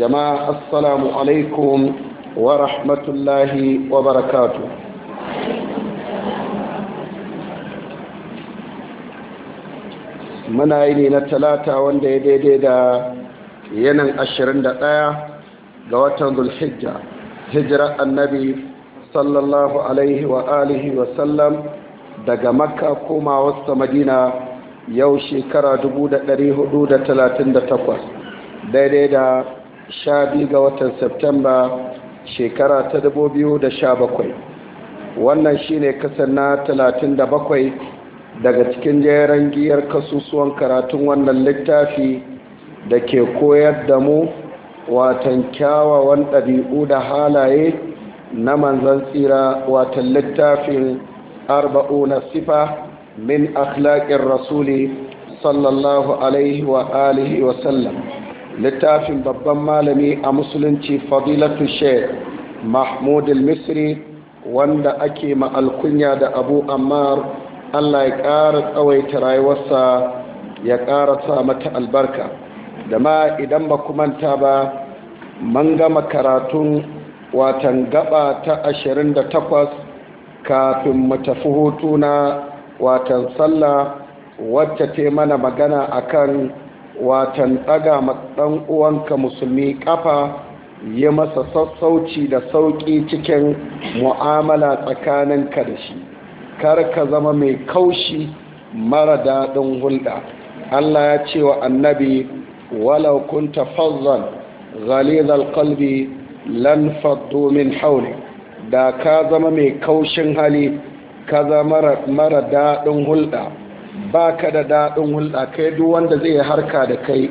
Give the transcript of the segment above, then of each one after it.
jama'a assalamu alaikum wa rahmatullahi wa barakatu muna yi ne na talata wanda ya daidai da yanin 21 ga watan zulhijja hijira annabi sallallahu alaihi wa alihi wa sallam daga makka koma wasu madina yau shekara 438 daidai da 12 ga watan Septemba shekara ta da sha 2017 wannan shine kasar na talatin da bakwai daga cikin jeren giyar kasusuwan karatun wannan littafi da ke koyar da mu watan kyawawan ɗabi'u da halaye na manzan tsira watan littafin arba'u na sifa min akhlaƙin rasuli sallallahu alaihi wa alihi wa sallam littafin babban malami a musulunci fadilatu sheikh mahmud al-misri wanda ake ma'alkunya da abu ammar allah ya ƙara tsawaita rayuwarsa ya ƙara sa mata albarka da ma idan ba manta ba man gama karatun watan gaba ta 28 kafin mu tafi hutu na watan sallah wacce ta mana magana akan watan ɗaga ɗan uwanka musulmi ƙafa ya masa sassauci da sauƙi cikin mu'amala tsakaninka da shi kar ka zama mai kaushi mara daɗin hulɗa Allah ya ce wa annabi walau kunta fazzan ghalizal qalbi lan faddu min hawli da ka zama mai kaushin hali ka zama mara daɗin hulɗa ba ka da daɗin hulɗa kai duk wanda zai harka da kai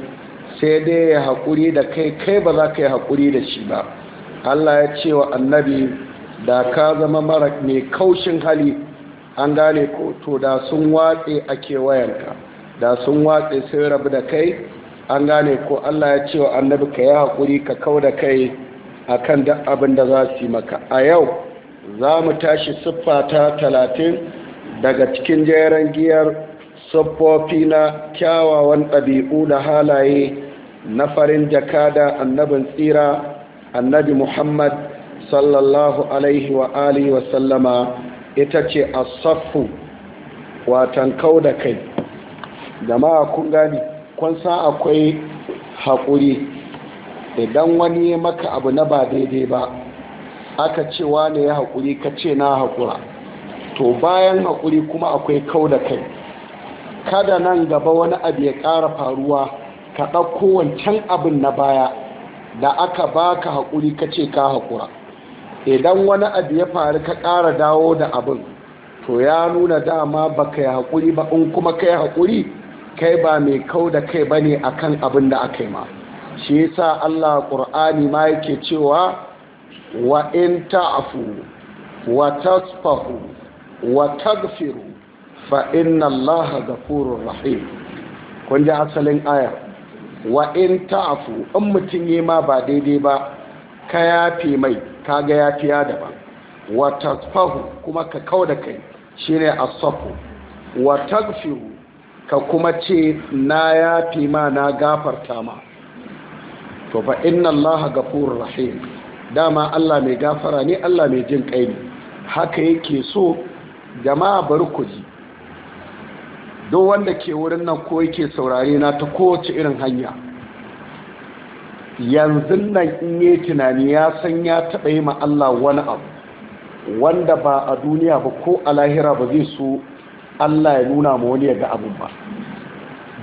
sai dai ya haƙuri da kai kai ba za ka yi haƙuri da shi ba allah ya ce wa annabi da ka zama mara mai kaushin hali an gane ko to da sun watse a kewayenka da sun watse sai rabu da kai an gane ko allah ya ce wa annabi ka yi haƙuri ka kau da kai a kan duk abin da za su yi maka a yau za mu tashi siffa ta talatin daga cikin jeren giyar sabbofi na kyawawan ɗabi'u da halaye na farin jakada annabin tsira annabi muhammad sallallahu alaihi wa alihi wa sallama ita ce saffu watan kau da kai jama'a kun gani kun san akwai haƙuri idan wani ya maka abu na ba daidai ba aka ce wane ya haƙuri ka ce na haƙura to bayan haƙuri kuma akwai kau da kai kada nan gaba wani abu ya ƙara faruwa ka ɗauko wancan abin na baya da aka baka haƙuri ka ce ka haƙura idan wani abu ya faru ka ƙara dawo da abin to ya nuna dama ba ka yi haƙuri ba in kuma ka yi haƙuri kai ba mai kau da kai ba ne a kan abin da aka yi ma shi yasa allah ƙur'ani ma yake cewa wa in ta'afu wa tasfahu wa tagfiru fa inna allaha rahim kun ji asalin aya wa in ta'fu in mutum yi ma ba daidai ba ka yafe mai ka ga ya da ba wa tasfahu kuma ka kauda kai shine asfahu wa tagfiru ka kuma ce na yafi ma na gafarta ma to fa inna allaha gafurur rahim dama Allah mai gafara ne Allah mai jin kai ne haka yake so jama'a bari ku ji don wanda ke wurin nan ko yake saurare na ta kowace irin hanya yanzu nan in yi tunani ya san ya taɓa yi ma Allah wani abu wanda ba a duniya ba ko a lahira ba zai so Allah ya nuna ma wani ya ga ba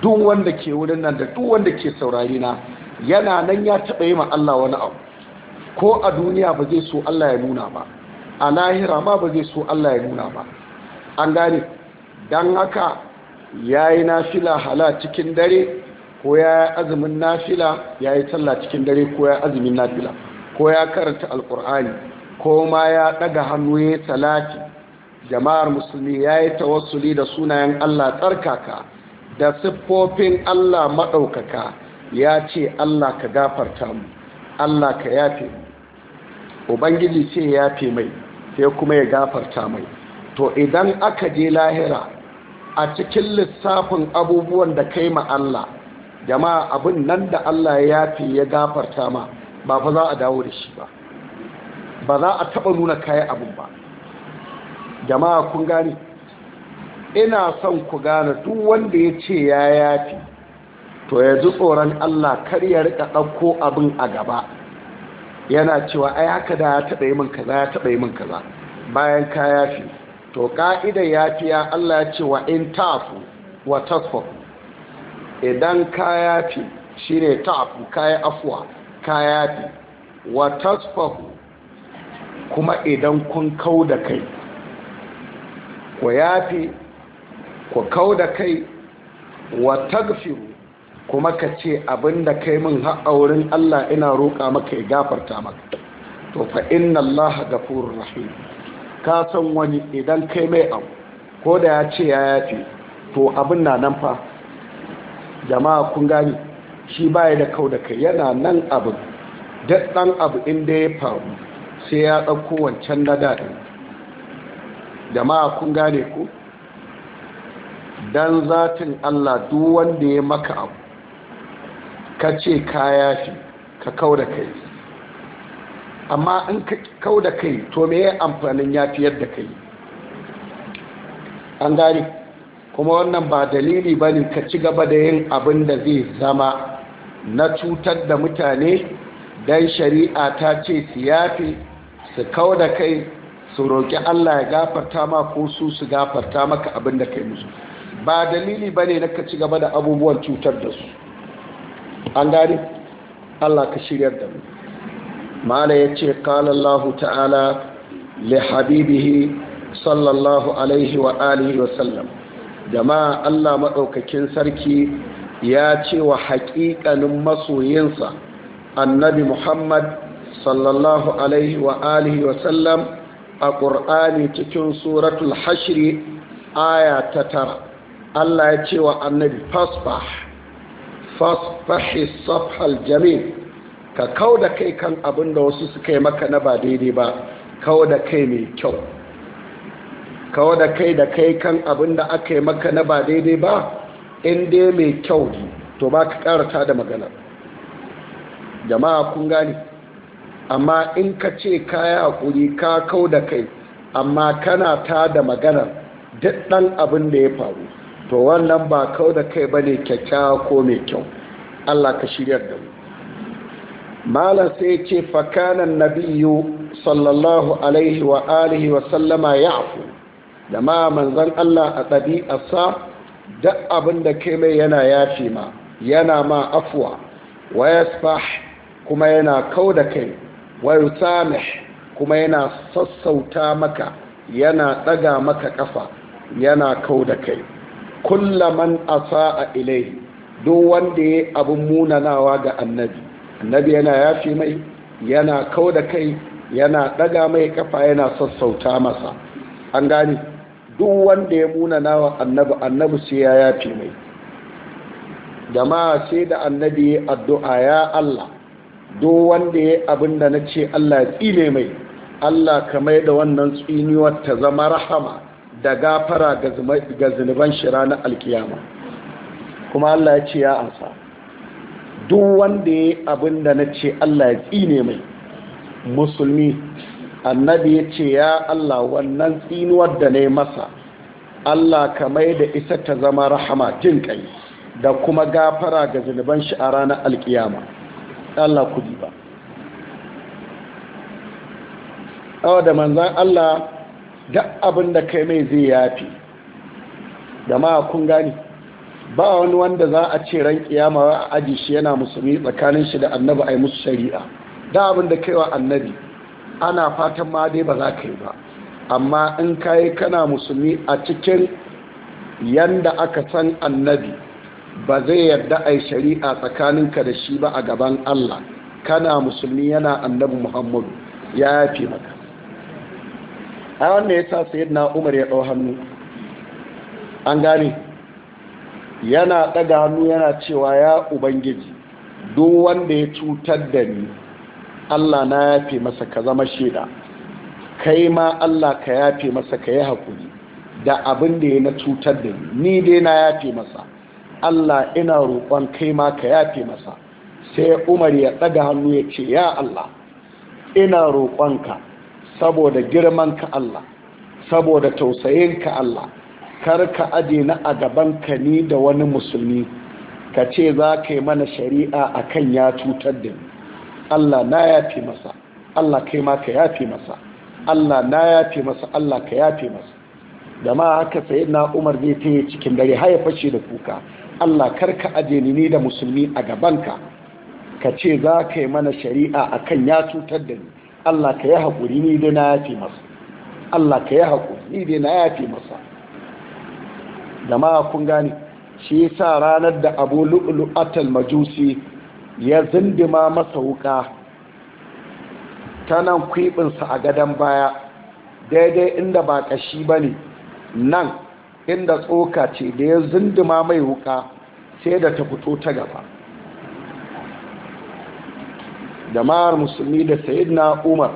don wanda ke wurin nan da duk wanda ke saurare na yana nan ya taɓa yi ma Allah wani abu ko a duniya ba zai so Allah ya nuna ba a lahira ma ba zai so Allah ya nuna ba an gane don haka ya yi nafila hala cikin dare ko ya yi azumin nafila ya yi talla cikin dare ko ya yi azumin nafila ko ya karanta alkur'ani ko ma ya daga hannu ya talaki jama'ar musulmi ya yi tawassuli da sunayen allah tsarkaka da siffofin allah maɗaukaka ya ce allah ka gafarta mu allah ka yafe mu ubangiji ce ya yafe mai sai kuma ya gafarta mai to idan aka je lahira a cikin lissafin abubuwan da kai ma Allah jama'a abin nan da Allah ya yafi ya gafarta ma ba fa za a dawo da shi ba ba za a taba nuna kayan abin ba jama'a kun gane ina son ku gane duk wanda ya ce ya yafi to ya ji tsoron Allah kar ya rika ɗauko abin a gaba yana cewa ai haka da ya taɓa yi min kaza ya taɓa yi min kaza bayan ka yafi to ka'idar yafiya Allah ya ce wa in tafu wa tasfa idan ka ya shi shine tafu kayi afuwa ka ya fi wa tasfa kuma idan kun kau da kai ku yafi ku kau da kai wa tagfiru kuma ka ce abinda kai min wurin Allah ina roƙa maka ya gafarta maka to fa inna Allah ghafurur rahim ka san wani idan kai mai abu ko da ya ce ya yafe to abin na nan fa jama'a kun gani shi baya da kau da kai yana nan abin duk ɗan abu inda ya faru sai ya ɗauko wancan na daɗi. jama'a kun gane ku don zatin allah duk wanda ya maka abu ka ce ka yafi ka kau da kai amma in ka kau da kai to me ya amfanin ya fiyar da kai an gane kuma wannan ba dalili ba ne ka ci gaba da yin abin da zai zama na cutar da mutane don shari'a ta ce su yafe, su kau da kai su roƙi allah ya gafarta ma ko su su gafarta maka abin da kai musu ba dalili ba ne na ka ci gaba da abubuwan cutar da su an gane allah ka shiryar da mu Malam ya ce kalallahu ta'ala li habibihi sallallahu alaihi wa alihi jama'a allah maɗaukakin sarki ya ce wa haƙiƙanin masoyinsa annabi muhammad sallallahu alaihi wa alihi a ƙur'ani cikin suratul hashiri aya ta tara allah ya ce wa annabi fasfah fasfahi safhal jami'a ka kau da kai kan abin da wasu suka yi maka na ba daidai ba kau da kai mai kyau kau da kai da kai kan abin da aka yi maka na ba daidai ba in dai mai kyau to ba ka karata da magana jama'a kun gani amma in ka ce kaya hakuri ka kau da kai amma kana ta da magana duk ɗan abin da ya faru to wannan ba kau da kai ba ne kyakkyawa ko mai kyau allah ka shiryar da mu malam sai ce fakanan nabiyu sallallahu alaihi wa alihi wa sallama ya afu da ma manzan Allah a sa duk abin da kai mai yana yafi ma yana ma afuwa wa kuma yana kau da kai wa kuma yana sassauta maka yana ɗaga maka ƙafa yana kau da kai kullaman a ilai duk wanda ya abin munanawa ga annabi annabi yana yafi mai yana kau da kai yana daga mai kafa yana sassauta masa an gane duk wanda ya muna nawa annabi annabi sai ya yafi mai jama'a sai da annabi ya addu'a ya Allah duk wanda ya abin da na ce Allah ya tsine mai Allah ka mai da wannan tsiniwar ta zama rahama da gafara ga zunuban shira na alkiyama kuma Allah ya ce ya ansa duk wanda ya abin da na ce Allah ya tsine mai musulmi annabi ya ce ya Allah wannan tsinuwar da na yi masa Allah ka mai da isa ta zama rahama jin kai da kuma gafara ga zunuban shi a ranar alkiyama Allah ji ba awa da manzan Allah duk abin da kai mai zai yafi da ma kun gani ba wani wanda za a ce ran kiyama a aji shi yana musulmi tsakanin shi da annabi a yi musu shari'a da abin da kaiwa annabi ana fatan ma dai ba za ka yi ba amma in kayi kana musulmi a cikin yanda aka san annabi ba zai yarda a yi shari'a tsakaninka da shi ba a gaban allah kana musulmi yana annabi muhammadu ya yafe maka a wannan ya sa na umar ya ɗau hannu an gane yana ɗaga hannu yana cewa ya ubangiji duk wanda ya cutar da ni allah na yafe masa ka zama shida kai ma allah ka yafe masa ka yi haƙuri da abin da ya na cutar da ni ni dai na yafe masa allah ina roƙon kai ma ka yafe masa sai umar ya ɗaga hannu ya ce ya allah ina roƙonka saboda ka allah saboda tausayinka allah Kar aje na a gaban ka ni da wani musulmi ka ce za ka yi mana shari'a a kan ya cutar da ni allah na yafe masa allah kai ma ka yafe masa allah na yafe masa allah ka yafe masa da ma haka sai na umar zai ta yi cikin dare haya fashe da kuka allah kar aje ni ni da musulmi a ka. ka ce za ka yi mana shari'a a kan ya cutar da ni allah ka yi haƙuri ni dai na yafe masa allah ka yi haƙuri ni dai na yafe masa jama'a kun gane shi yasa ranar da abu atal majusi ya zindima masa wuka tanan nan kwibinsa a gadon baya daidai inda ba kashi ba ne nan inda tsoka ce da ya zindima mai wuka sai da ta fito ta gaba jama'ar musulmi da sayid na umar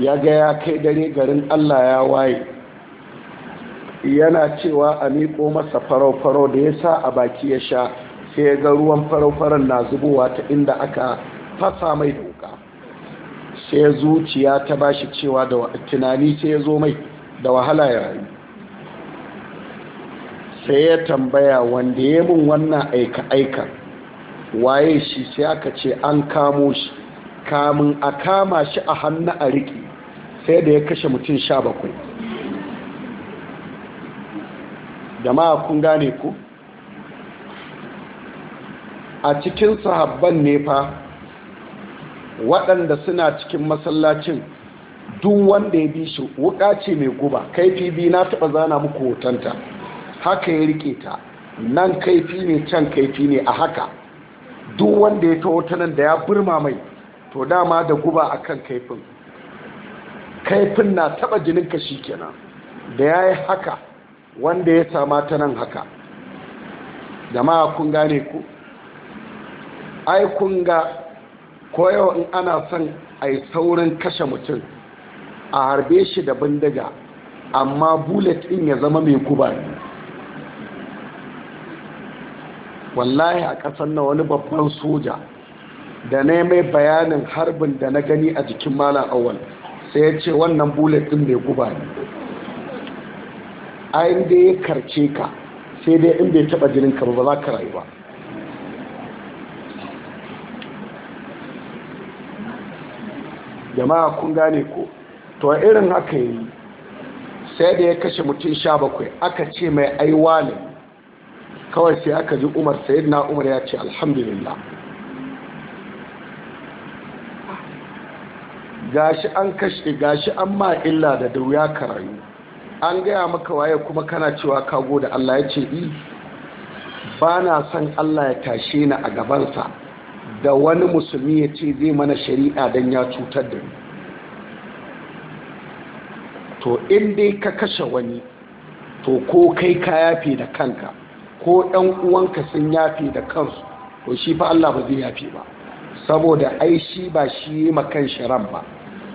ya ga ya kai dare garin allah ya waye yana cewa a miƙo masa farau-farau da ya sa a baki ya sha sai ya ga ruwan farau farar na zubowa ta inda aka fasa mai doka sai zuciya ta ba shi cewa da tunani sai ya zo mai da wahala ya rayu sai ya tambaya wanda ya mun wannan aika-aika waye shi sai aka ce an kamo shi kamun a kama shi a hannu a riƙe sai da ya kashe mutum sha bakwai jama'a kun gane ku a cikin sahabban ne fa waɗanda suna cikin masallacin duk wanda ya bi su wuka ce mai guba kaifi bi na taɓa zana muku hotonta haka ya rike ta nan kaifi ne can kaifi ne a haka duk wanda ya ta nan da ya burma mai to dama da guba akan kaifin kaifin na taɓa jininka shi kenan da ya yi haka wanda ya sama ta nan haka jama'a kun gane ku ai kun ga koyawa in ana son a yi saurin kashe mutum a harbe shi da bindiga amma bullet in ya zama mai guba wallahi a ƙasar na wani babban soja da na mai bayanin harbin da na gani a jikin malam awal sai ya ce wannan bullet din mai guba ne ayin da ya karce ka sai dai in bai taba jinin ka ba za ka rayu ba jama'a kun gane ko to irin haka yi sai da ya kashe mutum sha bakwai aka ce mai aiwa ne kawai sai aka ji umar sai na umar ya ce alhamdulillah gashi an kashe gashi an ma illa da dauya ya ka rayu an gaya maka waye kuma kana cewa ka gode Allah ya ce i ba na son Allah ya tashe ni a gabansa da wani musulmi ya ce zai mana shari'a don ya cutar da ni to in dai ka kashe wani to ko kai ka yafe da kanka ko ɗan uwanka sun yafe da kansu to shi fa Allah ba zai yafe ba saboda ai shi ba shi yi makan sharan ba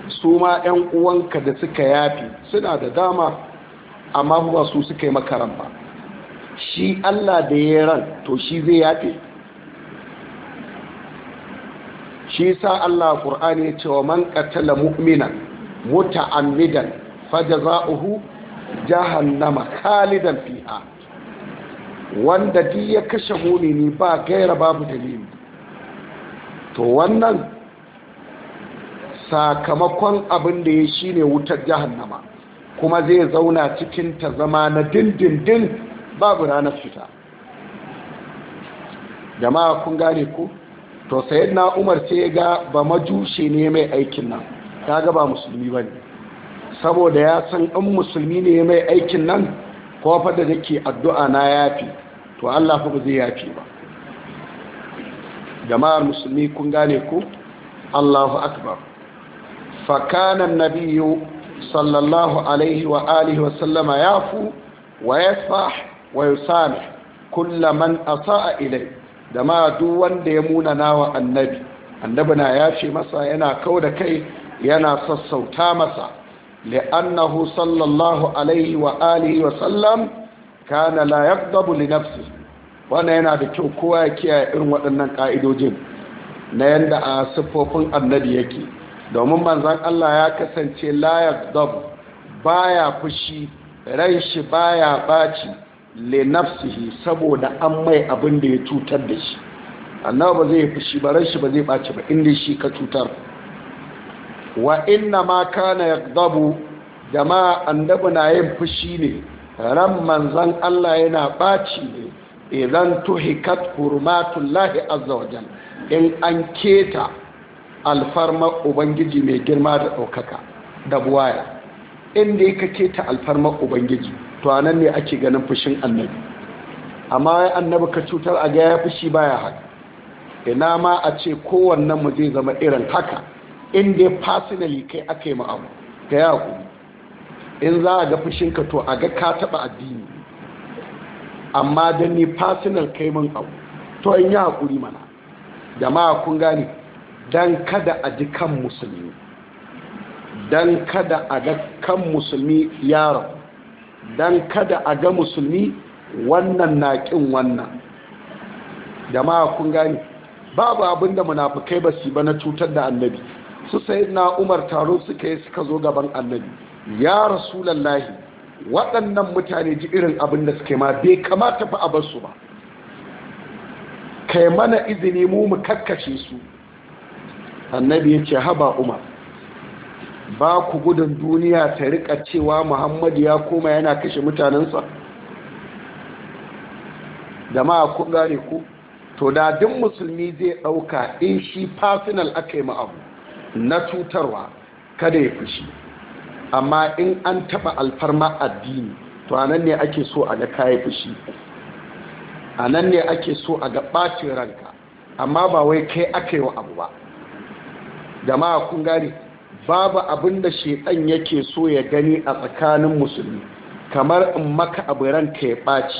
su ma 'yan uwanka da suka yafe suna da dama amma ba su suka yi makaran ba shi Allah da ya ran to shi zai yafe shi sa Allah Qur'ani ya ce wa man qatala mu'mina muta'ammidan fajaza'uhu jahannama khalidan fiha wanda duk ya kashe mumini ba gaira babu dalili to wannan sakamakon abin da ya shine wutar jahannama kuma zai zauna cikin ta zama na dindindin babu ranar fita jama'a kun gane ku to sayid na umar sai ga ba majushe ne mai aikin nan ta gaba ba musulmi ba ne saboda ya san in musulmi ne mai aikin nan ko fa da nake addu'a na yafi to Allah fa ba zai yafi ba jama'ar musulmi kun gane ku Allahu akbar fa kana nabiyyu صلى الله عليه وآله wa يعفو ويسمح ويسامح كل من أساء إليه دما دوان ديمونا ناوى النبي wanda ya ce masa yana kau da kai yana sassauta masa li'annahu sallallahu alaihi wa alihi wa sallam kana la yaghdabu li nafsi wannan yana da kyau kowa ya kiyaye irin waɗannan ka'idojin na yanda a siffofin annabi yake domin manzan Allah ya kasance layak dab ya fushi ran shi baya baci le nafsihi saboda an mai abin da ya cutar da shi annabi ba zai fushi ba ran shi ba zai baci ba inda shi ka cutar wa inna ma kana yaqdabu jama'a dabu na yin fushi ne ran manzan Allah yana ɓaci ne idan tuhikat hurmatullahi azza wajal in an keta alfarma ubangiji mai girma da ɗaukaka da buwaya inda ya kake ta alfarma ubangiji to anan ne ake ganin fushin annabi amma ya annabi ka cutar a ga ya fushi baya haka ina ma a ce kowannen mu zai zama irin haka inda ya fasinali kai aka yi ma'amu ga ya ku in za a ga ka to a ga ka taɓa addini amma don ni fasinal kai min abu to in yi haƙuri mana jama'a kun gane don kada a ji kan musulmi don kada a ga kan musulmi yaro, don kada a ga musulmi wannan na kin wannan ma kun gani babu abin da munafukai ba su ba na cutar da annabi su sai na umar taro suka yi suka zo gaban annabi ya rasulallahi waɗannan mutane ji irin abin da suke ma bai kamata fa a basu ba kai mana izini mu mu kakkashe su annabi ya ce haba umar ba ku gudun duniya ta rika cewa muhammadu ya koma yana kashe mutanensa da ma ku gane ku to da duk musulmi zai ɗauka in shi fasinal aka yi ma'abu na cutarwa kada ya fushi amma in an taɓa alfarma addini to a ne ake so a ga kayi fushi a ne ake so a ga ɓacin ranka amma ba wai kai aka yi wa abu ba jama'a kun gane babu abin da shedan yake so ya gani a tsakanin musulmi kamar in maka abu ranka ya ɓaci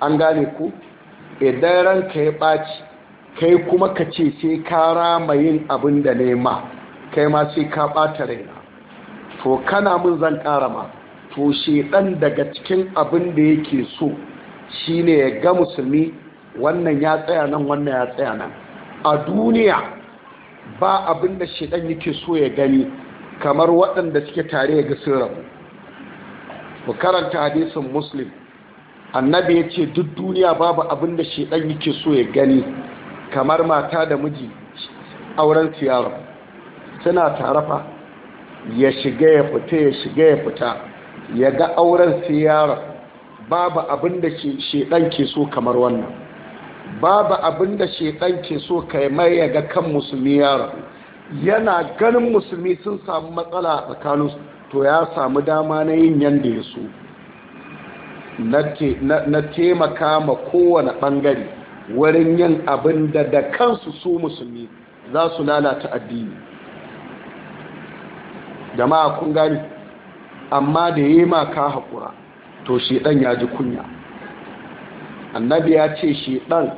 an gane ku idan ranka ya ɓaci kai kuma ka ce sai ka rama yin abin da nema kai ma sai ka ɓata raina to kana mun zan ƙara ma to shedan daga cikin abin da yake so shine ya ga musulmi wannan ya tsaya nan wannan ya tsaya nan a duniya ba abin da shaidan yake so ya gani kamar waɗanda suke tare ga sirar ku. karanta hadisin muslim annabi ya ce duk duniya babu abin da shaidan yake so ya gani kamar mata da miji auren siyara suna tarafa ya shiga ya fita ya shiga ya fita ya ga auren siyara babu abin da shaidan ke so kamar wannan babu abin da shekan ke so kai mai ya kan musulmi yaro. yana ganin musulmi sun samu matsala a tsakaninsu to ya samu dama na yin yadda ya so na taimaka ma kowane ɓangare wurin yin abin da da kansu su musulmi za su lalata addini jama'a kun gani amma da yi maka haƙura to shi ɗan ya ji kunya annabi ya ce shi ɗan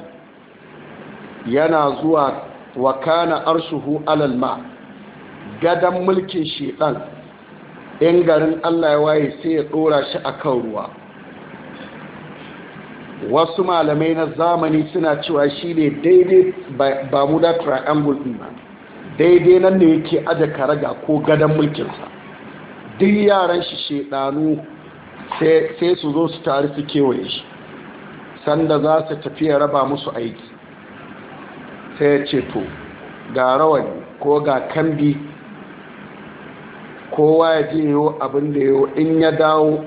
yana zuwa wa kana arshuhu alal ma gadan mulkin shi ɗan in garin allah ya waye sai ya ɗora shi a kan ruwa wasu malamai na zamani suna cewa shi ne daidai bamuda triangle ɗin daidai nan ne yake aje karaga ko gadon mulkinsa duk yaran shi shedanu sai su zo su tare su kewaye shi sanda za su tafiya raba musu aiki sai ya ce to ga rawani ko ga kambi kowa ya je yiwu abin da yiwu in ya dawo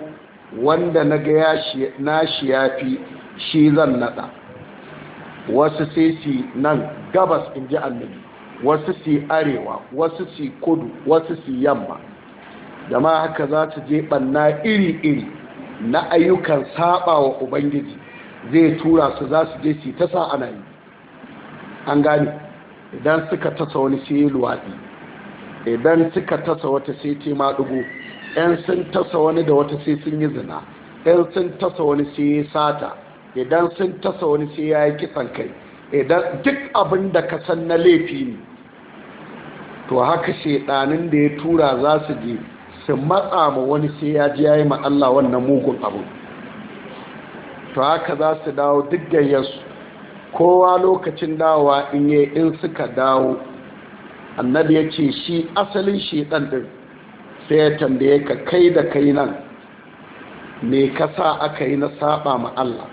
wanda na ga ya shi ya fi shi zan nada wasu sai su nan gabas in ji annabi wasu su arewa wasu su kudu wasu su yamma da ma haka za su je ɓanna iri-iri na ayyukan saba wa ubangiji zai tura su za su je su ta sa ana yi an gane idan suka tasa wani sai luwaɗi idan suka tasa wata sai ce maɗugo yan sun tasa wani da wata sai sun yi zina yan sun tasa wani sai ya sata idan sun tasa wani sai ya yi kisan kai idan duk abin da ka san na laifi ne to haka shaidanin da ya tura za su je su matsa ma wani sai ya ji ya yi ma Allah wannan mugun abu to haka za su dawo duk gayyarsu kowa lokacin dawa in yi in suka dawo annabi ya ce shi asalin shi ɗan ɗin. sai ya tambaye ka kai da kai nan me ka sa aka yi na saba ma Allah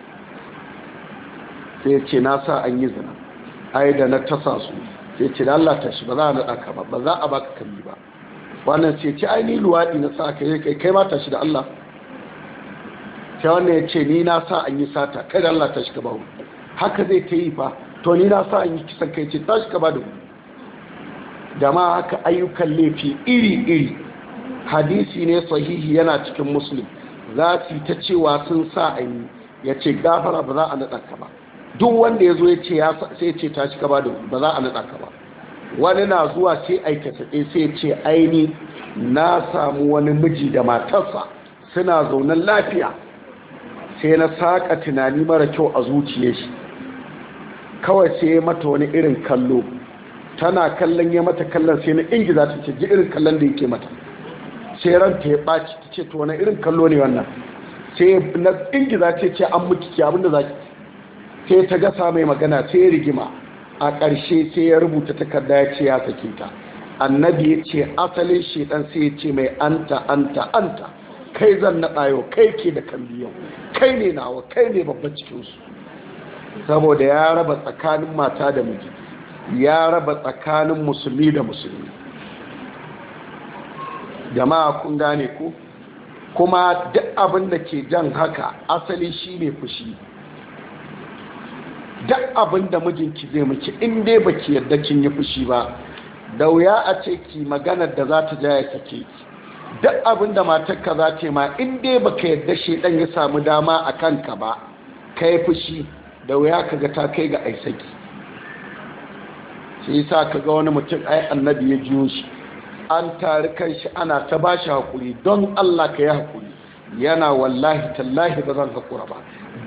sai ce na sa an yi zina ai da na tasa su sai ce da Allah shi ba za a naɗa ka ba ba za a baka kalli ba wannan sai ce ai ni luwaɗi na sa aka yi kai kai ma ta shi da Allah sai wannan ya ce ni na sa an yi sata kai da Allah ta shiga bahu haka zai ta yi fa to ni na sa an yi kisan kai ce ta shiga ba da da ma haka ayyukan laifi iri-iri hadisi ne sahihi yana cikin musulun. za su ta cewa sun sa an yi ya ce gafara ba za a naɗa ka ba duk wanda ya zo ya ce sai ce ta shiga ba da ba za a naɗa ka ba wani na zuwa sai aikata ɗaya sai ce aini na samu wani miji da matarsa suna zaunan lafiya sai na saƙa tunani mara kyau a zuciye shi kawai sai ya mata wani irin kallo tana kallon ya mata kallon sai na ingiza ta ce ji irin kallon da yake mata sai ranta ya ɓaci ta ce to wani irin kallo ne wannan sai na ingiza ta ce an mutu ki abinda za ki sai ta gasa mai magana sai rigima a ƙarshe sai ya rubuta takarda ya ce ya sake ta annabi ya ce asalin shi dan sai ya ce mai anta anta anta kai zan naɗa yau kai ke da kalli yau kai ne nawa kai ne babban cikinsu saboda ya raba tsakanin mata da miji ya raba tsakanin musulmi da musulmi jama'a kun gane ku kuma duk abin da ke jan haka asali shi ne fushi duk abin da mijinki zai miki in dai baki yadda kin yi fushi ba da wuya a ce ki maganar da za ta ja ya ke ki duk abin da matarka za ce ma inda dai baka yadda ɗan ya samu dama a kanka ba ka yi fushi da wuya ka ga ta kai ga aisaki shi sa ka ga wani mutum ai annabi ya jiyo shi an tari kan shi ana ta ba shi haƙuri don allah ka yi haƙuri yana wallahi tallahi ba zan haƙura ba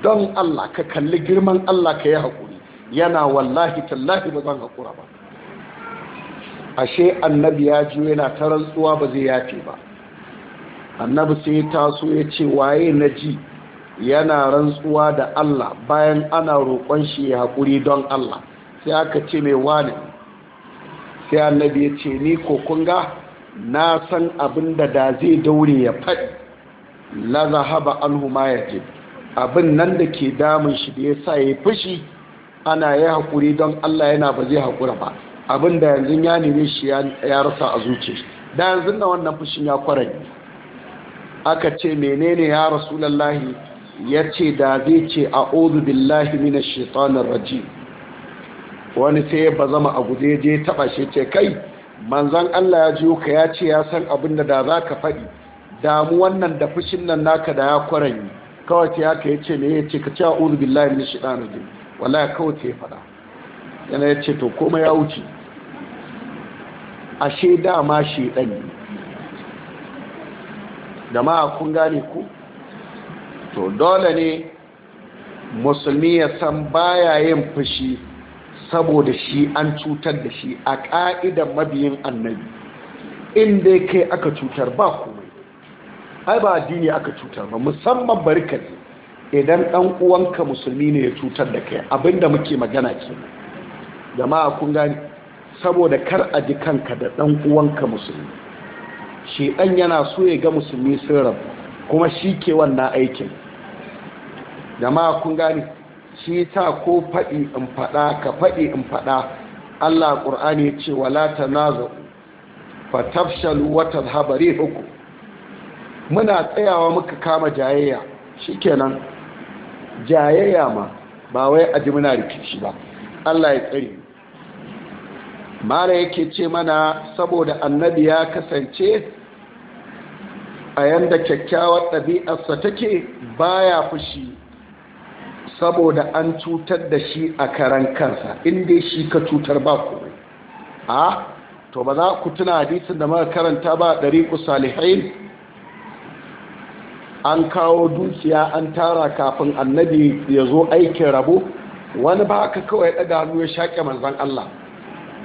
don allah ka kalli girman allah ka yi haƙuri yana wallahi tallahi ba zan haƙura ba ashe annabi ya ji yana ta rantsuwa ba zai yafe ba annabi sai ya taso ya ce waye na ji yana rantsuwa da Allah bayan ana roƙon shi ya haƙuri don Allah sai aka ce mai wane sai annabi ya ce ni ko kunga na san abin da da zai daure ya faɗi la zahaba anhu ma yaji abin nan da ke damun shi da ya sa ya fushi ana ya haƙuri don Allah yana ba zai haƙura ba abin da yanzu ya neme shi ya rasa a zuci. da yanzu na wannan fushin ya kwarai aka ce menene ya rasulallahi ya ce da zai ce a ozu billahi mina raji wani sai ya bazama a guje je taba shi ce kai manzan allah ya jiyo ka ya ce ya san abin da da za ka faɗi damu wannan da fushin nan naka da ya kwaranyi kawai ta yaka ya ce me ya ce ka ce a ozu billahi mina shaitanin raji wala ya kawai ta ya faɗa yana ya ce to koma ya wuce ashe dama shaitan ne jama'a kun gane ku to dole ne musulmi ya san baya yin fushi saboda shi an cutar da shi a ka'idan mabiyin annabi inda kai aka cutar ba komai ai ba addini aka cutar ba musamman ne idan ɗan uwanka musulmi ne ya cutar da kai abinda muke magana ke jama'a kun gani saboda kar a ji kanka da ɗan uwanka musulmi shedan yana so ya ga musulmi sun rabu kuma shi ke wannan aikin jama'a kun gani shi ta ko faɗi in faɗa ka faɗi in faɗa Allah ƙur'ani ya ce wala fa tafshalu wata habari uku. muna tsayawa muka kama jayayya shi nan. jayayya ma ba wai a ji muna rikici ba Allah ya tsari mala yake ce mana saboda annabi ya kasance a yanda kyakkyawar ɗabi'arsa take baya fushi saboda an cutar da shi a karan kansa inda shi ka cutar ba komai a to ba za ku tuna hadisin da mara karanta ba ɗari ku salihain an kawo dukiya an tara kafin annabi ya zo aikin rabo wani ba ka kawai ɗaga hannu ya shaƙe manzan Allah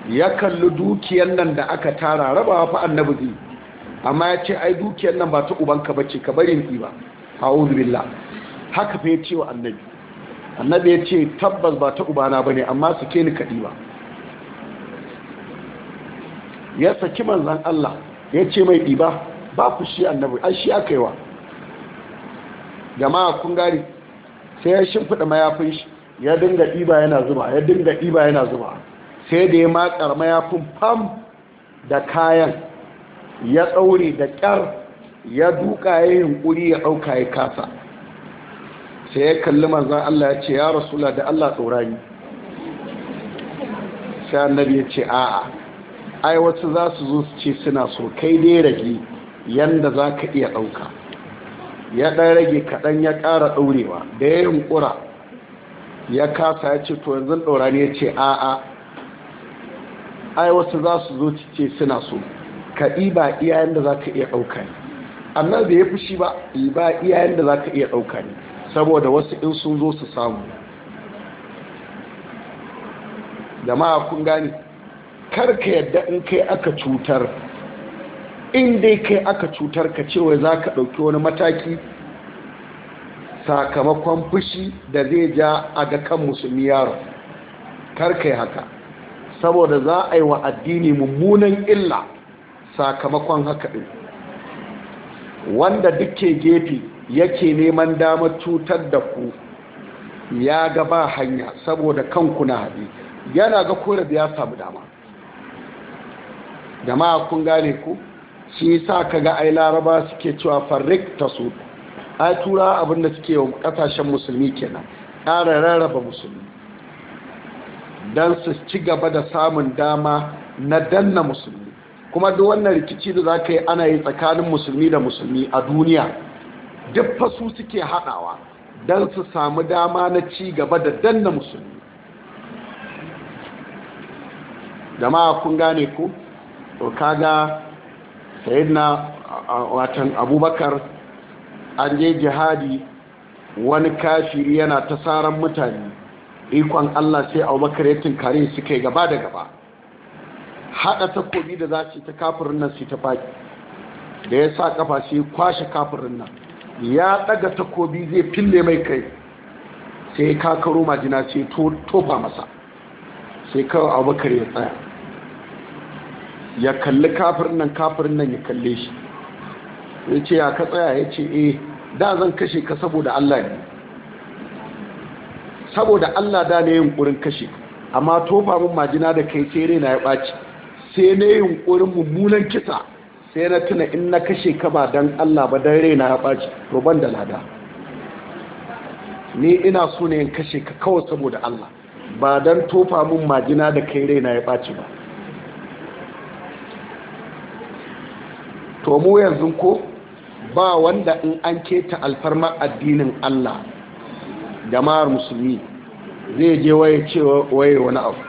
ya kalli dukiyan nan da aka tara raba fa annabi amma ya ce ai dukiyar nan ba ta ubanka bace ka bari ni ba a'udhu billah haka fa ya ce wa annabi annabi ya ce tabbas ba ta ubana bane amma su ke ni kadi ba ya saki manzon Allah ya ce mai ɗiba ba ku shi annabi ai shi aka wa jama'a kun gari sai ya shimfiɗa mayafin shi ya dinga ɗiba yana zuba ya dinga ɗiba yana zuba sai da ya matsar mayafin fam da kayan ya ɗaure da ƙyar ya duka ya yunkuri ya ɗauka ya kasa sai ya kalli manzan Allah ya ce ya rasula da Allah tsorani sai annabi ya ce a'a ai wasu za su zo su ce suna so kai dai rage yanda za ka iya ɗauka ya ɗan rage kaɗan ya ƙara ɗaurewa da ya yunkura ya kasa ya ce to yanzu ne ya ce a'a ai wasu za su zo su ce suna so ka ba iyayen da za ka iya ɗauka ne annan da ya fushi ba ɗiba iyayen da za ka iya ɗauka ne saboda wasu in sun zo su samu jama'a kun gani karka yadda in kai aka cutar in dai kai aka cutar ka cewa za ka ɗauki wani mataki sakamakon fushi da zai ja a ga kan musulmi yaro karka yi haka saboda za a yi wa addini mummunan illa sakamakon haka ɗin wanda duke gefe yake neman damar cutar da ku ya ga ba hanya saboda kanku na haɗi yana ga kore da ya samu dama ma kun gane ku shi sa ka ga ai laraba suke cewa farrik ta su a tura abinda suke wa kasashen musulmi kenan ƙara rarraba musulmi don su ci gaba da samun dama na danna musulmi kuma duk wannan rikici da za ka yi ana yi tsakanin musulmi da musulmi a duniya duk fasu suke haɗawa don su samu dama na ci gaba da danna musulmi jama'a kun gane ku to kaga na watan abubakar an je jihadi wani kashiri yana ta tsaron mutane ikon allah sai abubakar ya tunkari suka yi gaba da gaba haɗa takobi da za ta kafirin nan sai ta faɗi da ya sa ƙafa sai kwashe kafirin nan ya ɗaga takobi zai fille mai kai sai ya kakaro majina sai tofa masa sai kawai abubakar ya tsaya ya kalli kafirin nan kafirin nan ya kalle shi ya ce ya ka tsaya ya ce eh da zan kashe ka saboda Allah ne saboda Allah da ne kurin kashe amma tofa min majina da kai sai rena ya ɓaci sai na yunkurin mummunan kisa sai na tuna in na kashe ka ba don Allah ba don raina ya ɓaci to da lada ni ina so ne in kashe ka kawai saboda Allah ba don tofa mun majina da kai raina ya ɓaci ba to mu yanzu ko ba wanda in an keta alfarma addinin Allah jama'ar musulmi zai je waye cewa waye wani abu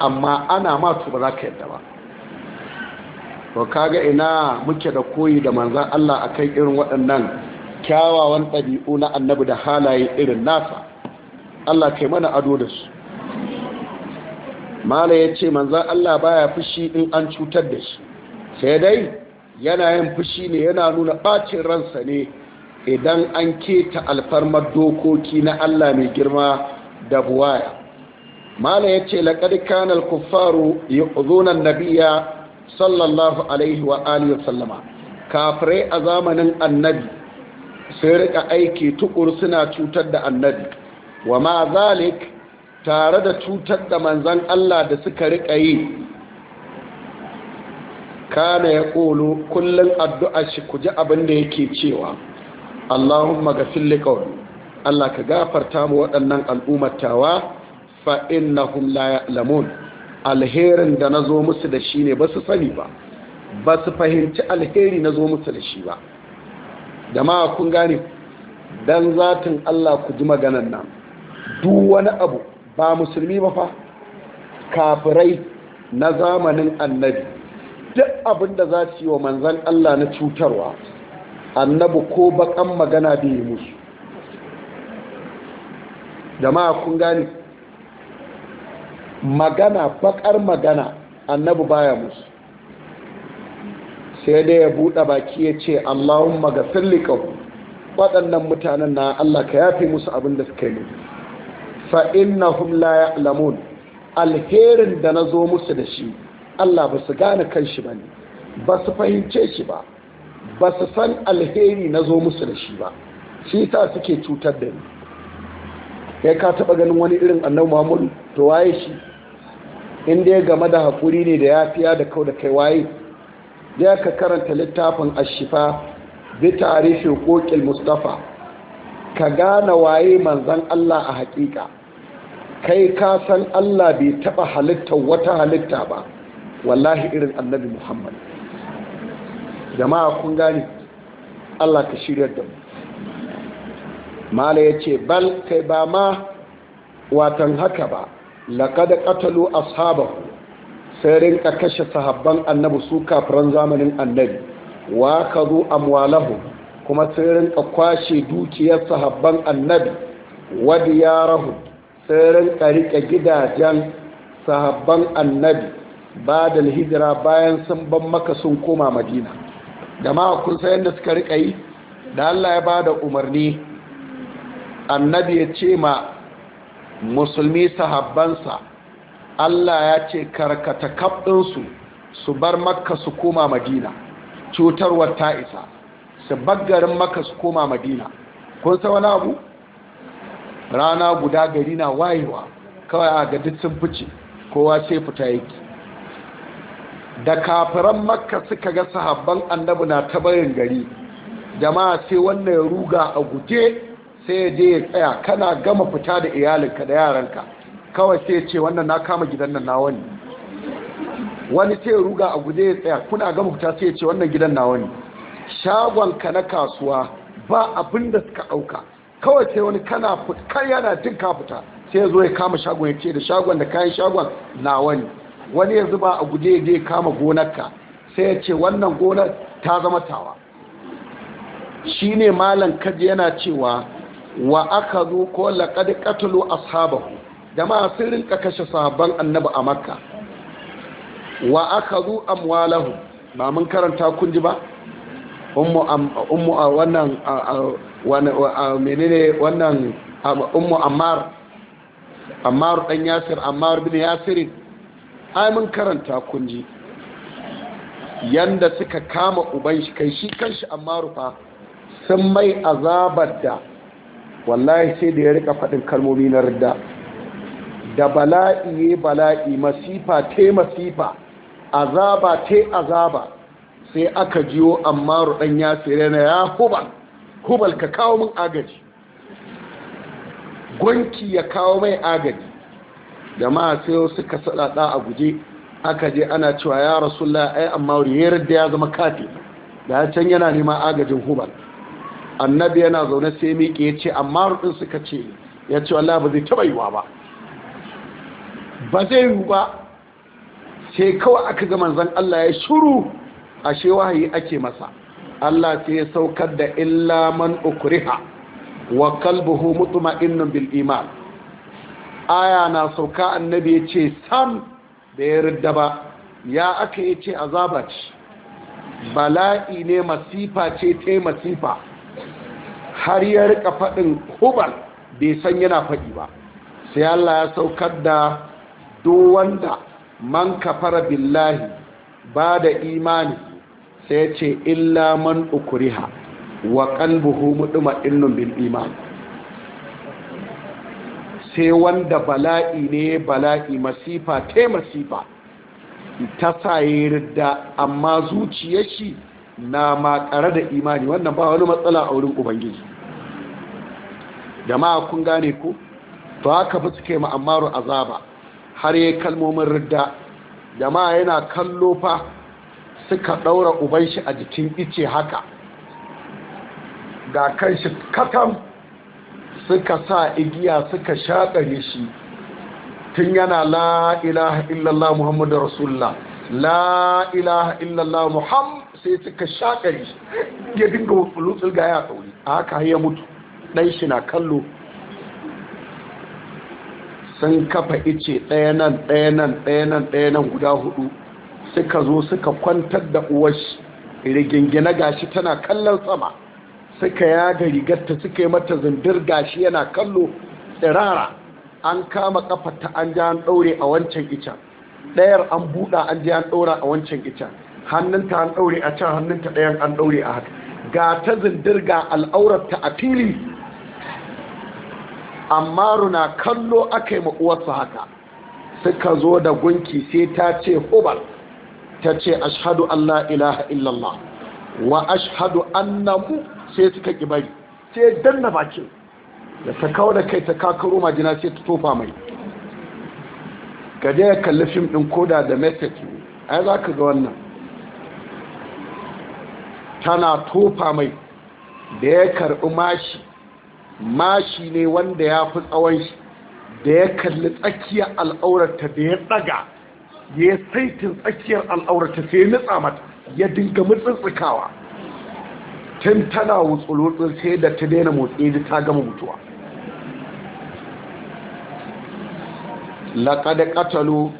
amma ana ma to ba za ka yadda ba to kaga ina muke da koyi da manzan Allah a akan irin waɗannan kyawawan ɗabi'u na annabi da halaye irin nasa Allah kai mana ado da su mala ya ce manzan Allah baya fushi in an cutar da shi sai dai yana yin fushi ne yana nuna ɓacin ransa ne idan an keta alfarmar dokoki na Allah mai girma da buwaya mala ya ce laƙar kanar kuffaru ya ƙuzunan nabiya sallallahu alaihi wa alihi sallama kafirai a zamanin annabi sai rika aiki tukur suna cutar da annabi wa ma zalik tare da cutar da manzan Allah da suka rika yi kana ya ƙolo kullum Addu'a shi ku ji abin da yake cewa Allahumma ga liƙaun Allah ka gafarta mu waɗannan al'ummatawa fa'in na la ya'lamun alherin da na zo musu da shi ne ba su sani ba ba su fahimci alheri na zo musu da shi ba da ma kun gane don zatin Allah ku ji maganan nan duk wani abu ba musulmi ba fa kafirai na zamanin annabi duk abin da za su yi wa manzan Allah na cutarwa annabi ko bakan magana da yi musu Da ma kun gane magana bakar magana annabi baya musu sai dai ya buɗe baki ya ce allahumma ga sirlikau waɗannan mutanen na allah ka yafe musu abin da suka yi fa'innahum la ya'lamun alherin da na zo musu da shi allah ba su gane kan shi ba ne ba su fahimce shi ba ba su san alheri na zo musu da shi ba shi sa suke cutar da ni ya ka taɓa ganin wani irin annabi muhammadu to waye shi in dai game da haƙuri ne da yafiya da kau da kai waye ya ka karanta littafin ashifa bi tarihi kokil mustafa ka gane waye manzon Allah a haƙiƙa kai ka san Allah bai taɓa halitta wata halitta ba wallahi irin annabi Muhammad jama'a kun gane Allah ka shirya da mu mala yace bal kai ba ma watan haka ba laqad a ashabahu sai rinka kashe sahabban annabi su kafiran zamanin annabi wa zo amwalahu kuma sai rinka kwashe dukiyar sahabban annabi ya rahu, sai rinka riƙe gidajen sahabban annabi ba da hijira bayan sun ban maka sun koma madina jama'a kun san yadda suka rika yi da Allah ya ba da umarni annabi ya ce ma musulmi sahabbansa allah ya ce karkata kaɗinsu su bar makka su koma madina cutarwar ta isa su baggarin makka su koma madina kun sa wani abu rana guda gari na wayewa kawai a gadi sun fice kowa sai fita yake da kafiran makka suka ga sahabban annabi na ta barin gari jama'a sai wannan ya ruga a guje sai ya je ya tsaya kana gama fita da iyalinka da yaranka kawai sai ya ce wannan na kama gidan nan na wani wani sai ruga a guje ya tsaya kuna gama fita sai ya ce wannan gidan na wani shagonka na kasuwa ba abin da suka ɗauka kawai sai wani kana fitar yana jin ka fita sai ya zo ya kama shagon ya ce da shagon da kayan shagon na wani wani ya zuba a guje ya je kama gonarka sai ya ce wannan gonar ta zama tawa shi ne malam kaji yana cewa wa aka zo ko laƙad ƙatalo ashabahu jama'a sun rinka kashe sahabban annabi a makka wa aka zo amwalahu ba mun karanta kun ji ba ummu a wannan menene wannan ummu ammar ammar dan yasir ammar bin yasirin ai mun karanta kun ji yanda suka kama uban shi kai shi kanshi ammaru fa sun mai azabar da wallahi sai da ya rika faɗin kalmomi na rida da bala'i ya bala'i masifa te masifa azaba te azaba sai aka jiyo amma ruɗan ya tsere na ya hubal hubal ka kawo min agaji gwanki ya kawo mai agaji jama'a sai suka saɗaɗa a guje aka je ana cewa ya rasu ai amma ya rida ya zama kafi da ya can yana neman agajin hubal annabi yana zaune sai miƙe ya ce amma rudin suka ce ya ce wallah ba zai taɓa yiwa ba ba zai yi ba sai kawai aka ga manzan Allah ya shuru ashe wahayi ake masa Allah sai ya saukar da illa man ukuriha wa qalbuhu mutma'innun bil iman aya na sauka annabi ya ce sam da ya ridda ba ya aka yace azaba ce bala'i ne masifa ce ta masifa har ya rika faɗin hubal bai san yana faɗi ba sai Allah ya saukar da duk wanda man kafara billahi ba da imani sai ya ce illa man ukuriha wa qalbuhu mutma'innun bil iman sai wanda bala'i ne bala'i masifa te masifa ta sayi ridda amma zuciyar shi na makare da imani wannan ba wani matsala a wurin ubangiji jama'a kun gane ku to haka fi suke ma'ammaru azaba har yi kalmomin ridda jama'a yana kallo fa suka ɗaura uban shi a jikin ice haka ga kan shi katam suka sa igiya suka shaɗare shi tun yana la ilaha illallah muhammadu rasulullah la illallah muhammadu sai suka shakari ya dinga wutsulutsul ga ya tsauri a haka ya mutu ɗan shi na kallo sun kafa ice ɗaya nan ɗaya nan guda hudu suka zo suka kwantar da uwashi rigingine gashi tana kallon sama suka yaga rigarta suka yi mata zindir gashi yana kallo tsirara an kama kafarta an ji an ɗaure a wancan icen ɗayar an buɗa an ji an ɗaura a wancan icen hannunta an ɗaure a can hannunta ɗayan an ɗaure a haka ga ta zindirga al'aurarta a fili amma runa kallo aka yi uwarsa haka suka zo da gunki sai ta ce hubal ta ce ashadu allah ilaha illallah wa ashadu annahu sai suka ƙi bari sai danna bakin da ta kawo da kai ta kakaro majina sai ta tofa mai gaje ya kalli fim ɗin koda da message ai za ka ga wannan tana tofa mai da ya karɓi mashi mashi ne wanda ya fi tsawon shi da ya kalli tsakiyar al'aurarta da ya ɗaga ya yi saitin tsakiyar al'aurarta sai ya nutsa mata ya dinga mutsitsikawa tun tana wutsulutsun sai da ta daina motsi ta gama mutuwa laƙaɗe ƙatalo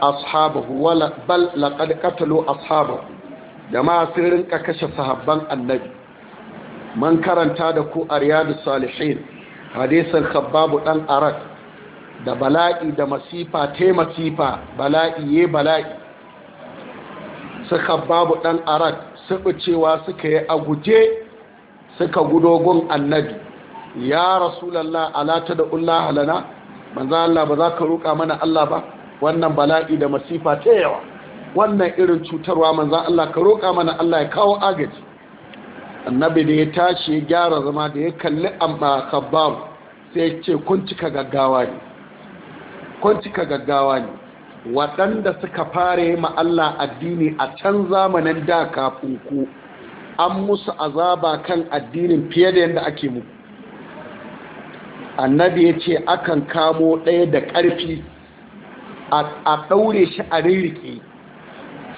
ashabahu bal laƙaɗe ƙatalo ashabahu jama'a sun rinka kashe sahabban annabi man karanta da ku a riyadu salihin hadisin khabbabu dan arak da bala'i da masifa te masifa bala'i ye bala'i su khabbabu dan arak cewa suka yi a guje suka gudogon annabi ya rasulallah alata da ullah halana manzo Allah ba za ka roƙa mana Allah ba wannan bala'i da masifa ta yawa wannan irin cutarwa manzan Allah ka roƙa mana Allah ya kawo agaji annabi da ya tashi ya gyara zama da ya kalli amma kabbar sai ya ce kun gaggawa ne waɗanda suka fara yi Allah addini a can zamanin da kafin ku an musu azaba kan addinin fiye da yadda ake mu annabi ya ce akan kamo ɗaya da ƙarfi a ɗaure shi a rirriƙe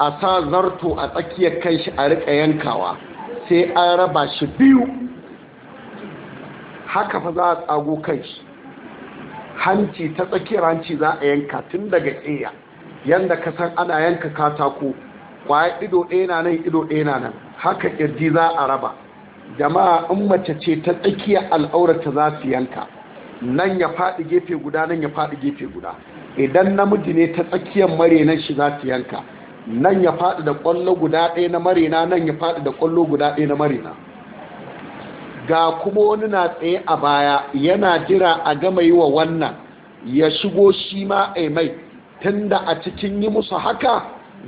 a sa zarto a tsakiyar kan shi a rika yankawa sai an raba shi biyu haka fa za a tsago kan shi hanci ta tsakiyar hanci za a yanka tun daga tsaya yadda ka san ana yanka katako kwaya ido ɗaya na nan ido ɗaya na nan haka ƙirji za a raba jama'a in mace ce ta tsakiyar al'aurata za su yanka nan ya faɗi gefe guda nan ya faɗi gefe guda idan namiji ne ta tsakiyar mare nan shi za su yanka nan ya faɗi da ƙwallo guda ɗaya na marina nan ya faɗi da ƙwallo guda ɗaya na marina ga kuma wani na tsaye a baya yana jira a gama yi wa wannan ya shigo shi ma a mai tunda a cikin yi musu haka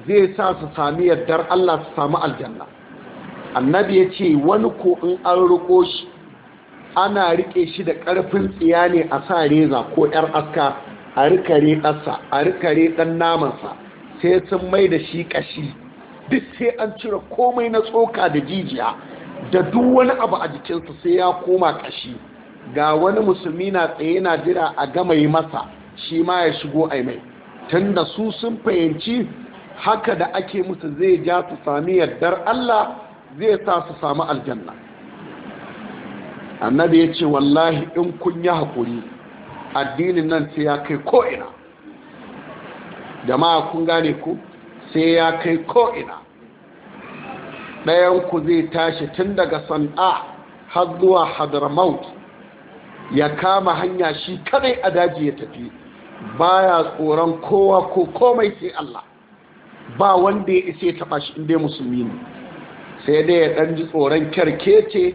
zai sa su sami yardar Allah su sami aljanna annabi ya ce wani ko in an riko shi ana riƙe shi da ƙarfin tsiya ne a sa reza ko 'yar aska a rikare ƙasa a rikare ɗan namansa sai sun mai da shi kashi duk sai an cire komai na tsoka da jijiya da duk wani abu a jikinsa sai ya koma kashi ga wani musulmi na tsaye na jira a gama yi masa shi ma ya shigo a mai tun da su sun fahimci haka da ake musu zai ja su sami yardar Allah zai sa su sami aljanna annabi ya ce wallahi in kun yi haƙuri addinin nan sai ya kai ko'ina jama'a kun gane ku sai ya kai ko'ina ɗayanku zai tashi tun daga san'a har zuwa hadramaut ya kama hanya shi kadai a daji ya tafi baya tsoron kowa ko komai sai Allah ba wanda ya isa ya taba shi inda musulmi ne sai dai ya ɗan ji tsoron kyarkece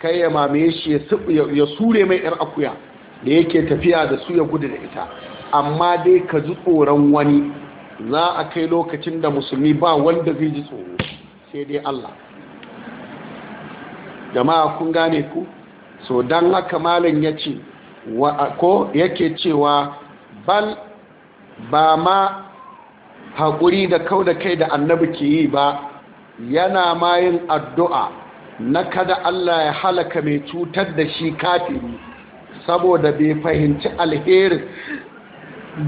kai ya mamaye shi ya sure mai yar akuya da yake tafiya da su ya gudu da ita amma dai ka ji tsoron wani za a kai lokacin da musulmi ba wanda zai ji tsoro sai dai Allah jama'a kun gane ku so don haka malam ya ce ko yake cewa bal ba ma haƙuri da kau da kai da annabi ke yi ba yana ma yin addu'a na kada Allah ya halaka mai cutar da shi kafiri saboda bai fahimci alherin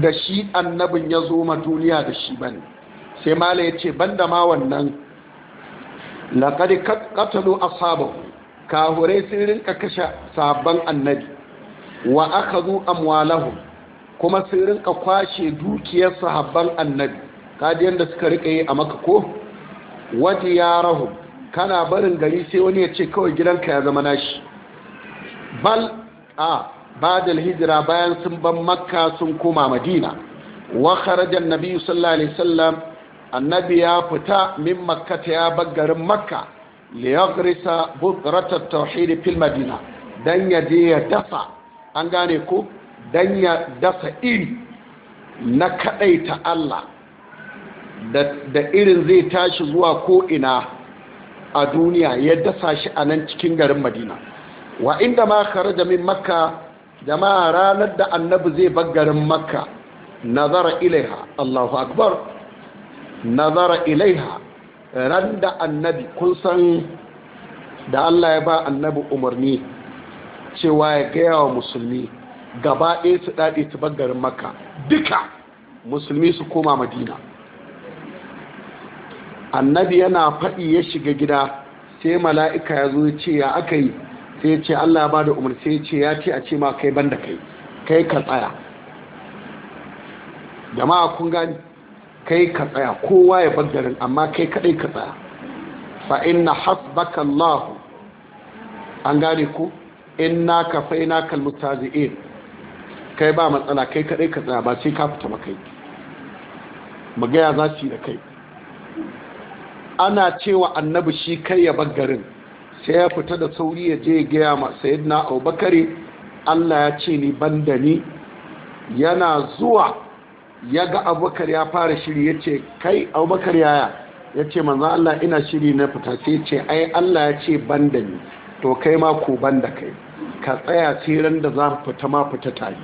da shi annabin ya zo ma duniya da shi bane sai mala yace banda ma wannan laqad qatalu ashabahu kahurai sun rinka kashe sabon annabi wa akhadhu amwalahu kuma sun rinka kwashe dukiyar sahabban annabi kaji yanda suka rika yi a maka ko ya rahu. kana barin gari sai wani ya ce kawai gidanka ya zama nashi bal a badal hijira bayan sun ban makka sun koma madina wa nabi sallallahu alaihi wasallam annabi ya fita min makka ta ya garin makka li yaghrisa budrata tauhid fil madina dan ya je ya dafa an gane ku dan ya dafa iri na kadai ta Allah da, irin zai tashi zuwa ko ina a duniya ya dasa shi a nan cikin garin madina wa inda ma kharaja min makka jama'a ranar da annabi zai baggarin makka nazara ilaiha allahu akbar nazara ilaiha ran da annabi kun san da allah ya ba annabi umarni cewa ya gaya wa musulmi gaba ɗaya su daɗe su garin makka duka musulmi su koma madina annabi yana faɗi ya shiga gida sai mala'ika ya zo ce ya aka yi sai ya ce Allah ya ba da umar sai ya ce ya ce a ce ma kai ban da kai kai ka tsaya jama'a kun gani kai ka tsaya kowa ya ban garin amma kai kadai ka tsaya fa inna hasbaka Allah an gane ku inna kafaina kal mutazi'in kai ba matsala kai kadai ka tsaya ba sai ka fita ba kai magaya za yi da kai ana cewa annabi shi kai ya ban garin sai ya fita da sauri ya je gaya ma sayyidina Abubakar allah ya ce ni banda ni yana zuwa ya ga abubakar ya fara shiri ya ce kai abubakar yaya ya ce manzan allah ina shiri na fita sai ce ai allah ya ce banda ni to kai ma ku banda kai ka tsaya tseren da za fita ma fita tare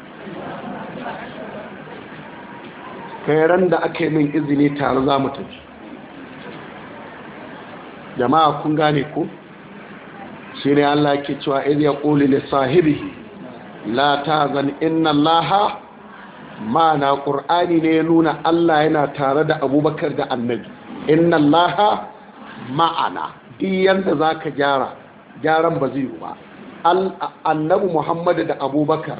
kai ran da aka yi min izini tare za mu tafi jama'a kun gane ku? shi ne Allah ke cewa idh yaqulu li sahibihi la tahzan inna allaha ma'ana qur'ani ne ya nuna Allah yana tare da Abubakar da Annabi inna laha? ma'ana iyan da zaka gyara gyaran ba zai yi ba annabi Muhammadu da Abubakar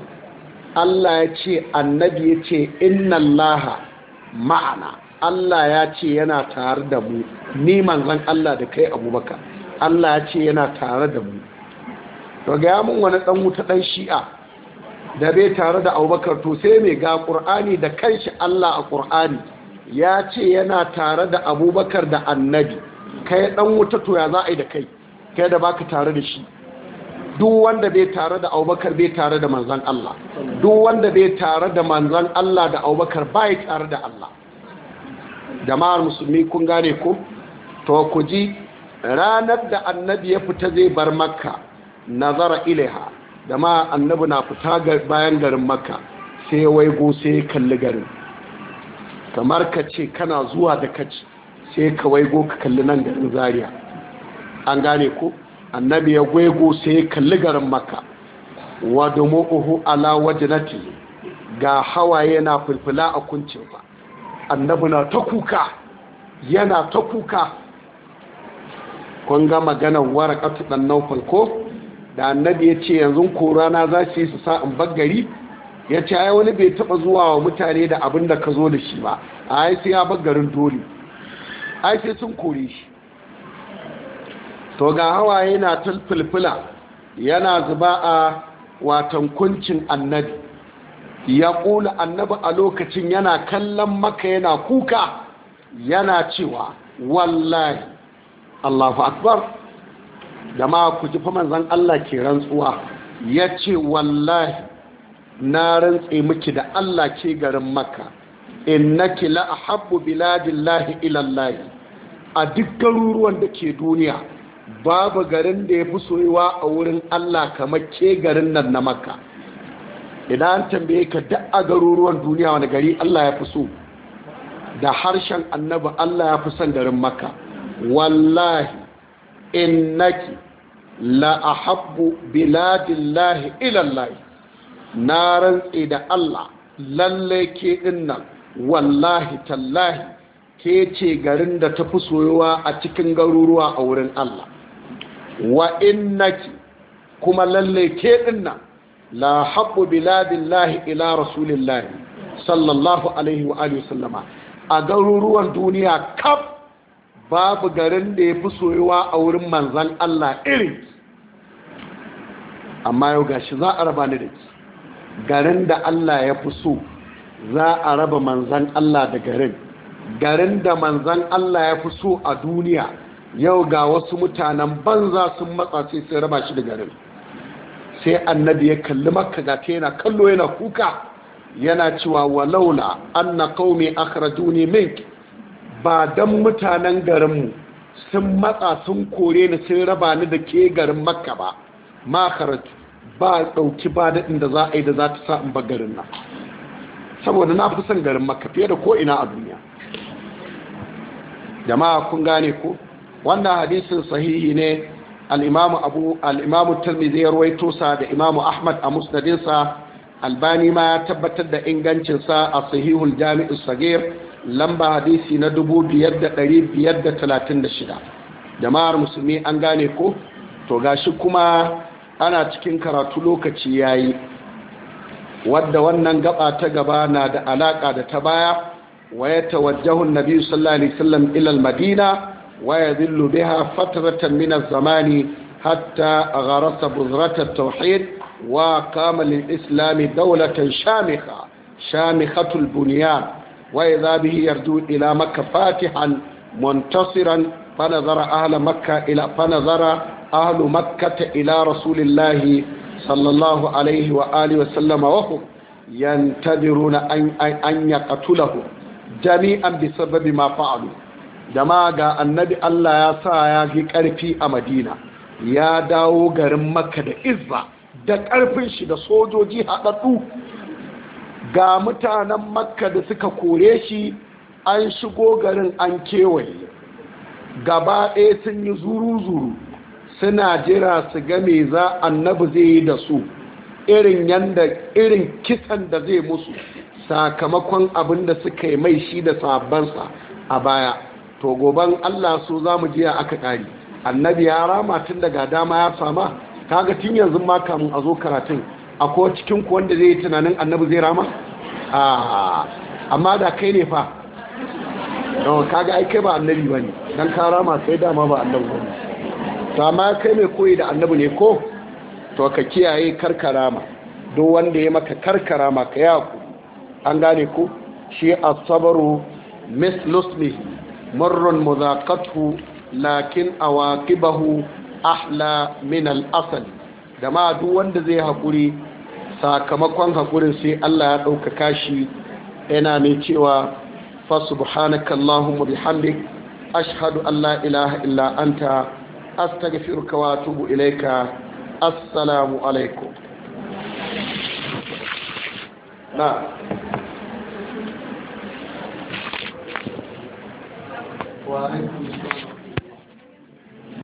Allah ya ce annabi ya ce inna laha? ma'ana Allah ya ce yana tare da mu ni manzon Allah da kai Abubakar Allah ya ce yana tare da mu to ga mun wani dan wuta dan shi'a da bai tare da Abubakar to sai mai ga Qur'ani da kanshi Allah a Qur'ani ya ce yana tare da Abubakar da Annabi kai dan wuta to ya za a yi da kai kai da baka tare da shi duk wanda bai tare da Abubakar bai tare da manzon Allah duk wanda bai tare da manzon Allah da Abubakar bai tare da Allah jama'ar musulmi kun gane ku to ku ji ranar da annabi ya fita zai bar makka nazara ilaiha da ma annabi na fita bayan garin makka sai ya waigo sai ya kalli garin kamar ka ce kana zuwa da kaci sai ka waigo ka kalli nan garin zaria an gane ku, annabi ya waigo sai ya kalli garin makka wa dumu'uhu ala wajnati ga hawaye na fulfula a kuncin ba annabi na ta kuka yana ta kuka kun ga maganar warakatu ɗan naufal ko da annabi ya ce yanzu korana za su yi su sa in baggari ya ce ai wani bai taɓa zuwa wa mutane da abin da ka zo da shi ba ai sai ya baggarin dole ai sai sun kore shi to ga hawaye na tulfulfula yana zuba a watan kuncin annabi ya ƙula annabi a lokacin yana kallon maka yana kuka yana cewa wallahi Allahu akbar da ma ku ji fa manzon Allah ke rantsuwa yace wallahi na rantse miki da Allah ke garin Makka innaki la ahabbu biladillahi ila Allah a duk garuruwan da ke duniya babu garin da ya fi soyuwa a wurin Allah kamar ke garin nan na Makka idan an tambaye ka duk a garuruwan duniya wani gari Allah ya fi so da harshen annabi Allah ya fi son garin Makka wallahi innaki la ahabbu biladillahi ilallahi na rantsi da Allah lalle ke dinnan wallahi tallahi ke ce garin da ta fi soyuwa a cikin garuruwa a wurin Allah wa innaki kuma lalle ke dinnan la habbu biladillahi ila rasulillahi sallallahu alaihi wa alihi a garuruwan duniya kaf babu garin da ya fi soyuwa a wurin manzan Allah irin amma yau gashi za a raba ni da ki garin da Allah ya fi so za a raba manzan Allah da garin garin da manzan Allah ya fi so a duniya yau ga wasu mutanen banza sun matsa sai sai raba shi da garin sai annabi ya kalli maka ga ta yana kallo yana kuka yana cewa walaula anna qaumi akhrajuni minki ba don mutanen garinmu sun matsa sun kore ni sun raba ni da ke garin makka ba makarar ba ɗauki ba daɗin da za a yi da za ta sa ba garin nan saboda na fi son garin makka fiye da ko a duniya jama'a kun gane ko wannan hadisin sahihi ne al'imamu abu al'imamu talmizi ya ruwaito sa da imamu ahmad a musnadinsa albani ma ya tabbatar da ingancinsa a sahihul jami'in sagir lamba hadisi na 5536 jama'ar musulmi an gane ko to gashi kuma ana cikin karatu lokaci yayi wadda wannan gaba ta gaba na da alaka da ta baya waya ta wajahun annabi sallallahu alaihi wasallam ila madina waya yadhillu biha fatratan min zamani hatta a buzrat at-tauhid wa qama lil-islam dawlatan shamikha shamikhatul bunyan وإذا به يرجو إلى مكة فاتحا منتصرا فنظر أهل مكة إلى فنظر أهل مكة إلى رسول الله صلى الله عليه وآله وسلم وهم ينتظرون أن أن يقتله جميعا بسبب ما فعلوا جماعة النبي الله يا سايا كارفي أمدينة يا داو garin Makka da Izza da ƙarfin shi da sojoji haɗaɗɗu ga mutanen makka da suka kore shi an shigo garin an kewaye gaba ɗaya sun yi zuru-zuru suna jira su game za annabi zai yi da su irin yanda irin kisan da zai musu sakamakon abin da suka yi mai shi da sabansa a baya to goban allah so za mu jiya aka ƙari annabi ya rama tun daga dama ya sama kaga tun yanzu ma kamun a zo karatun ko cikin ku wanda zai tunanin annabi zai rama ah, amma da kai ne fa don kaga ai kai ba annabi ba ne don ka rama sai dama ba annabi ba ne to amma kai mai koyi da annabi ne ko to ka kiyaye karkarama duk wanda ya maka karkarama ka ya ku an gane ku shi asabaru mislusmi marrun mudaqatu lakin awaqibahu ahla min al-asal da ma duk wanda zai haƙuri sakamakon haƙurin sai Allah ya ɗaukaka shi yana mai cewa fasubhanaka Allahumma bihamdik ashhadu an la ilaha illa anta astaghfiruka wa atubu ilaika assalamu alaikum na wa alaikum